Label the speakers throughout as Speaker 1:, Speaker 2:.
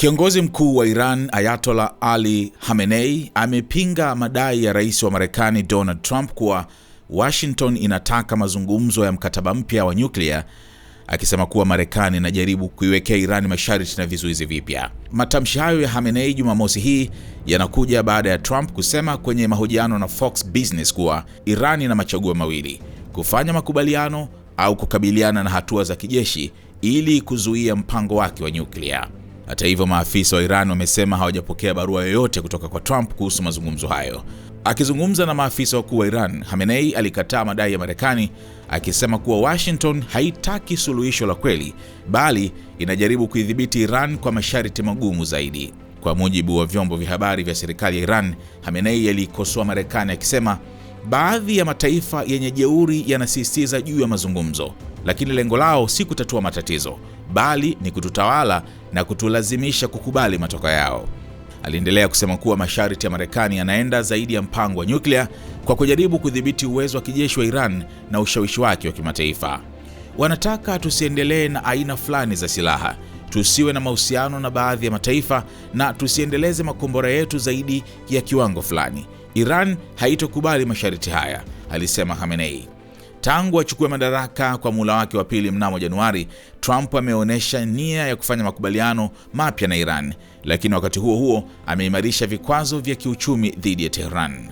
Speaker 1: Kiongozi mkuu wa Iran Ayatollah Ali Khamenei amepinga madai ya rais wa Marekani Donald Trump kuwa Washington inataka mazungumzo ya mkataba mpya wa nyuklia, akisema kuwa Marekani inajaribu kuiwekea Iran masharti na vizuizi vipya. Matamshi hayo ya Khamenei Jumamosi hii yanakuja baada ya Trump kusema kwenye mahojiano na Fox Business kuwa Iran ina machaguo mawili: kufanya makubaliano au kukabiliana na hatua za kijeshi ili kuzuia mpango wake wa nyuklia. Hata hivyo, maafisa wa Iran wamesema hawajapokea barua yoyote kutoka kwa Trump kuhusu mazungumzo hayo. Akizungumza na maafisa wakuu wa Iran, Khamenei alikataa madai ya Marekani akisema kuwa Washington haitaki suluhisho la kweli, bali inajaribu kuidhibiti Iran kwa masharti magumu zaidi. Kwa mujibu wa vyombo vya habari vya serikali ya Iran, Khamenei aliikosoa Marekani akisema baadhi ya mataifa yenye jeuri yanasisitiza juu ya mazungumzo lakini lengo lao si kutatua matatizo, bali ni kututawala na kutulazimisha kukubali matokeo yao. Aliendelea kusema kuwa masharti ya Marekani yanaenda zaidi ya mpango wa nyuklia kwa kujaribu kudhibiti uwezo wa kijeshi wa Iran na ushawishi wake wa kimataifa. Wanataka tusiendelee na aina fulani za silaha, tusiwe na mahusiano na baadhi ya mataifa na tusiendeleze makombora yetu zaidi ya kiwango fulani. Iran haitokubali masharti haya, alisema Khamenei. Tangu achukue madaraka kwa muhula wake wa pili mnamo Januari, Trump ameonyesha nia ya kufanya makubaliano mapya na Iran, lakini wakati huo huo ameimarisha vikwazo vya kiuchumi dhidi ya Tehran.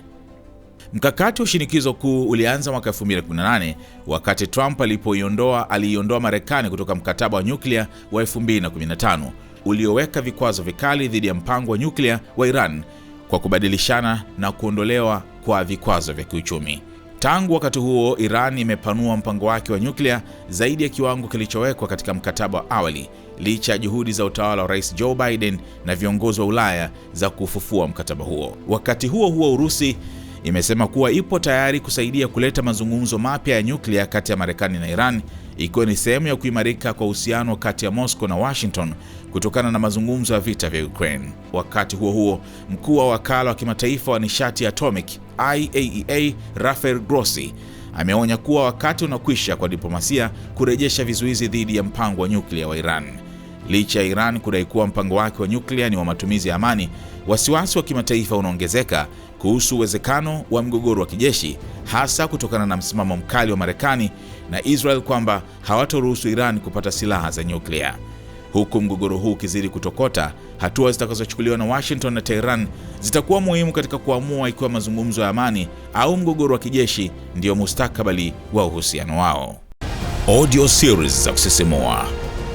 Speaker 1: Mkakati wa shinikizo kuu ulianza mwaka 2018 wakati Trump alipoiondoa aliiondoa Marekani kutoka mkataba wa nyuklia wa 2015 ulioweka vikwazo vikali dhidi ya mpango wa nyuklia wa Iran kwa kubadilishana na kuondolewa kwa vikwazo vya kiuchumi. Tangu wakati huo, Iran imepanua mpango wake wa nyuklia zaidi ya kiwango kilichowekwa katika mkataba wa awali, licha ya juhudi za utawala wa Rais Joe Biden na viongozi wa Ulaya za kufufua mkataba huo. Wakati huo huo, Urusi imesema kuwa ipo tayari kusaidia kuleta mazungumzo mapya ya nyuklia kati ya Marekani na Iran ikiwa ni sehemu ya kuimarika kwa uhusiano kati ya Moscow na Washington kutokana na mazungumzo ya vita vya Ukraine. Wakati huo huo, mkuu wa wakala wa kimataifa wa nishati ya atomic IAEA e Rafael Grossi ameonya kuwa wakati unakwisha kwa diplomasia kurejesha vizuizi dhidi ya mpango wa nyuklia wa Iran. Licha ya Iran kudai kuwa mpango wake wa nyuklia ni wa matumizi ya amani, wasiwasi wa kimataifa unaongezeka kuhusu uwezekano wa mgogoro wa kijeshi, hasa kutokana na msimamo mkali wa Marekani na Israel kwamba hawatoruhusu Iran kupata silaha za nyuklia. Huku mgogoro huu ukizidi kutokota, hatua zitakazochukuliwa na Washington na Tehran zitakuwa muhimu katika kuamua ikiwa mazungumzo ya amani au mgogoro wa kijeshi ndio mustakabali wa uhusiano wao.
Speaker 2: Audio series za kusisimua